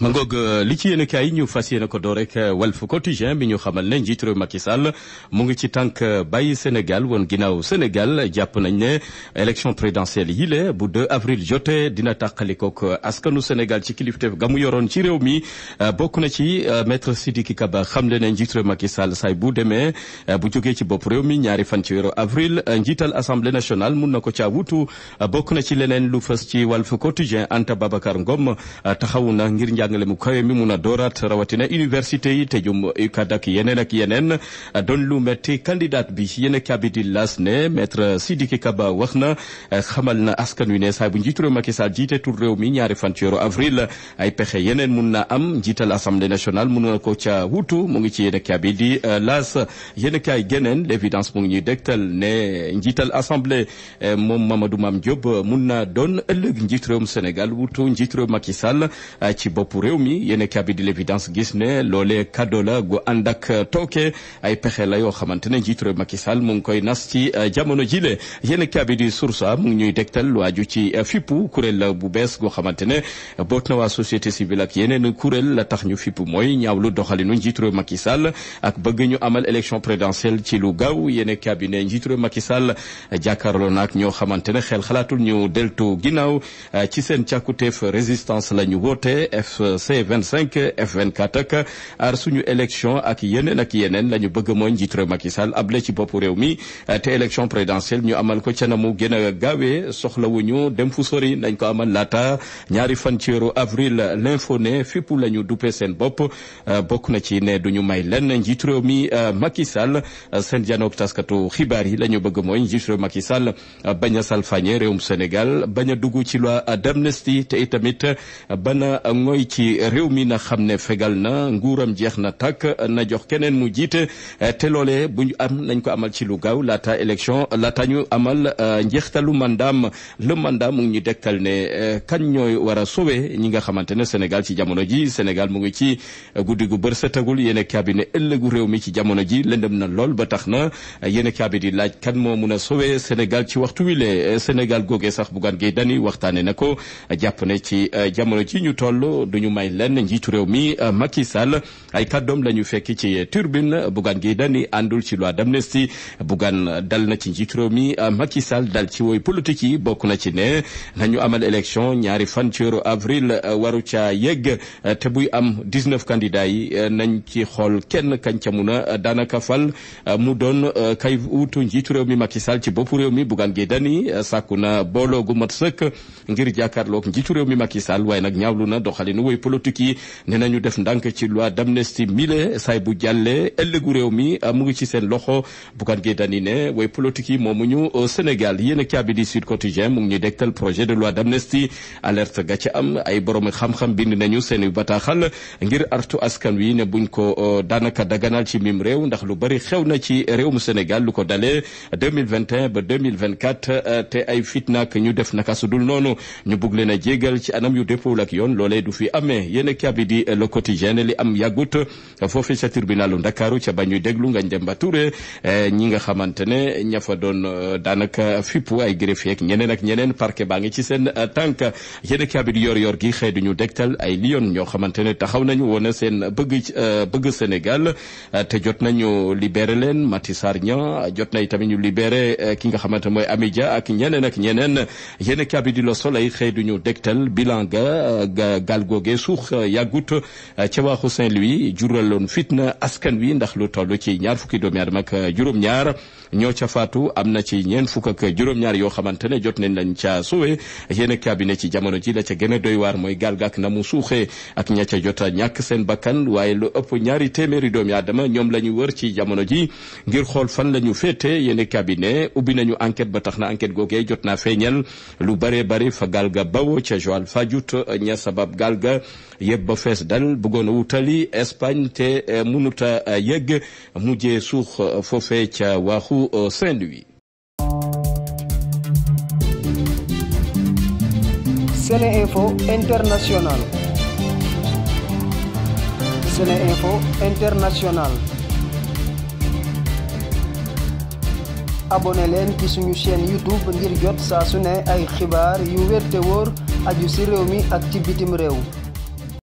ma ngoog euh, li ci yéen kaay ñu fas yéene ko door rek euh, Walf Quotidien bi ñu xamal ne njiitu réew Macky mu ngi ci tànk euh, bàyyi Sénégal woon ginnaaw Sénégal jàpp nañ ne élection présidentielle yile la bu 2 avril jotee dina tàqalikook askanu Sénégal ci kilifteef ga mu yoroon ci réew mi bokk na ci maître Sidiki Kaba xamle ne njit réew Macky Sall saay bu demee bu jógee ci bopp réew mi ñaari fan ci weeru avril njiital assemblée nationale mun na ko caa wutu bokk na ci leneen lu fas ci Walf Quotidien Anta Babacar Ngom taxawu njàngale mu kawe mi mun a dooraat rawatina université yi te jum UCAD e ak yeneen ak yeneen don lu metti candidat bi yéen a kabidi las ne maître Sidiki Kaba wax na xamal na askan wi ne saa bu njiitu réew Macky Sall jiite tur réew mi ñaari fan ci weeru avril ay pexe yeneen mun na am njiital assemblée national mun na ko ca wutu mu ngi ci yéen a kabidi euh, las yéen a kaay l'évidence mu ngi ñuy dégtal ne njiital assemblée euh, moom Mamadou Mame Diop mun na doon ëllëg njiitu réewum Sénégal wutu njiitu réew euh, ci bopp bopp réew mi yéen kabi di l'évidence gis ne loolee cadeau la gu ànd ak tooke ay pexe la yoo xamante ne njiitu réew Macky Sall ngi koy nas ci euh, jamono jile yéen kabi di source mu ngi ñuy dégtal waaju ci euh, fippu kuréel la bu bees goo xamante ne boot na waa société civile ak yeneen kuréel la tax ñu fippu mooy ñaawlu doxalinu njiitu réew Macky Sall ak bëgg ñu amal élection présidentielle ci lu gaaw yéen kabi ne njiitu réew Macky euh, jàkkaarloo na ak ñoo xamante ne xel xalaatul ñu deltu ginnaaw ci seen càkkuteef résistance la C25 F24 ak aar suñu élection ak yeneen ak yeneen la ñu bëgg mooy njiit réew Macky Sall able ci bopp réew mi te élection présidentielle ñu amal ko ca na mu gën a gaawee soxlawuñu dem fu sori nañ ko amal laata ñaari fan ci weeru avril l'info ne fépp la ñu seen bopp euh, bokk na ci ne du ñu may lenn njiit réew mi euh, Macky Sall euh, seen janook taskatu xibaar yi lañu bëgg mooy njiit réew Macky Sall bañ a salfañe Sénégal bañ a ci loi d'amnistie te itamit bana ngoy ci réew mi na xam ne fegal na nguuram jeex na tàkk na jox keneen mu jiite te loolee bu am nañ ko amal ci lu gaaw laata élection laata ñu amal euh, njeextalu mandaam le mandat mu ngi ñu dekkal ne euh, kan ñooy war a sowe ñi nga xamante ne Sénégal ci jamono ji Sénégal mu ngi ci guddi gu bër setagul yéen a ëllëgu réew mi ci jamono ji lëndëm na lool ba tax na yéen a laaj kan moo mun a sowe Sénégal ci waxtu wi le Sénégal sax Bougane Gueye Dany waxtaane na ko jàpp ne ci euh, jamono ji ñu toll duñu ñu may leen njiitu réew mi euh, Macky Sall ay kàddoom la ñu fekki ci turbine Bougane Gueye Dany àndul ci loi d'amnistie Bougane euh, dal na ci njiitu réew mi euh, Macky Sall dal ci woy politique yi bokk na ci ne nañu amal élection ñaari fan ci weeru avril waru ca yegg te buy am 19 candidats yi nañ ci xool kenn kañ ca mun daanaka fal mu doon kay wutu njiitu réew mi Macky Sall ci boppu réew mi Bougane Gueye Dany sàkku na booloo gu mat sëkk ngir jàkkaarloog njiitu réew mi Macky politique yi ne nañu def ndànk ci loi d'amnistie mile saay bu jàllee ëllëgu réew mi a euh, ngi ci seen loxo Bougane Gueye Dany ne way politique yi moomu ñu euh, Sénégal yéen a caabi di Sud Quotidien mu ngi ñuy dégtal projet de loi d'amnistie alerte ga ca am ay borom xam-xam bind nañu seen bataaxal ngir artu askan wi ne buñ ko euh, daanaka daganal ci mim réew ndax lu bari xew na ci réew mu Sénégal lu ko dalee 2021 ba 2024 te ay fitna ak ñu def naka sudul noonu ñu bugg leen a jégal ci anam yu dëppul yoon loolee du fi am armée yéen a kaabi di eh, le quotidien li am yàggut foofu ca tribunalu Ndakaaru ca ba ñuy déglu Ngagne Demba Touré eh, ñi nga xamante ne ña doon eh, daanaka fippu ay greffier ak ñeneen ak ñeneen parquet baa ngi ci seen tànk yéen a kaabi di yor-yor gi xëy duñu dégtal ay lion ñoo xamante ne taxaw nañu woon seen bëgg bëgg Sénégal te jot nañu libéré leen Mati sar Niang jot na itamit ñu libéré ki nga xamante mooy Amidia ak ñeneen ak ñeneen yéen a kaabi di Le Soleil xëy duñu dégtal bilan ga gaal googee suux yàggut eh, ca waaxu Saint-Louis juraloon fitna askan wi ndax lu toll ci ñaar fukki doomi aadama ak eh, juróom-ñaar ñoo ca faatu am na ci ñeent fukk ak juróom-ñaar yoo xamante ne jot nañ lañ ca suwe yéen cabinet ci jamono ji la ca gën a doy waar mooy gaal gàkk na mu suuxee ak ña ca jot ñakk ñàkk seen bakkan waaye lu ëpp ñaari téeméeri doomi aadama ñoom la ñu wër ci jamono ji ngir xool fan la ñu féete yéen cabinet ubbi nañu enquête ba tax na enquête googee jot na feeñal lu yëpp ba fees dal bëggoon a wutali Espagne te eh, mënut a eh, yëgg mujjee suux eh, foofee ca waaxu Saint-Louis. Sene Info International. Sene Info suñu chaîne YouTube ngir jot saa su ay xibaar yu wér wóor aju ci réew mi ak ci bitim réew.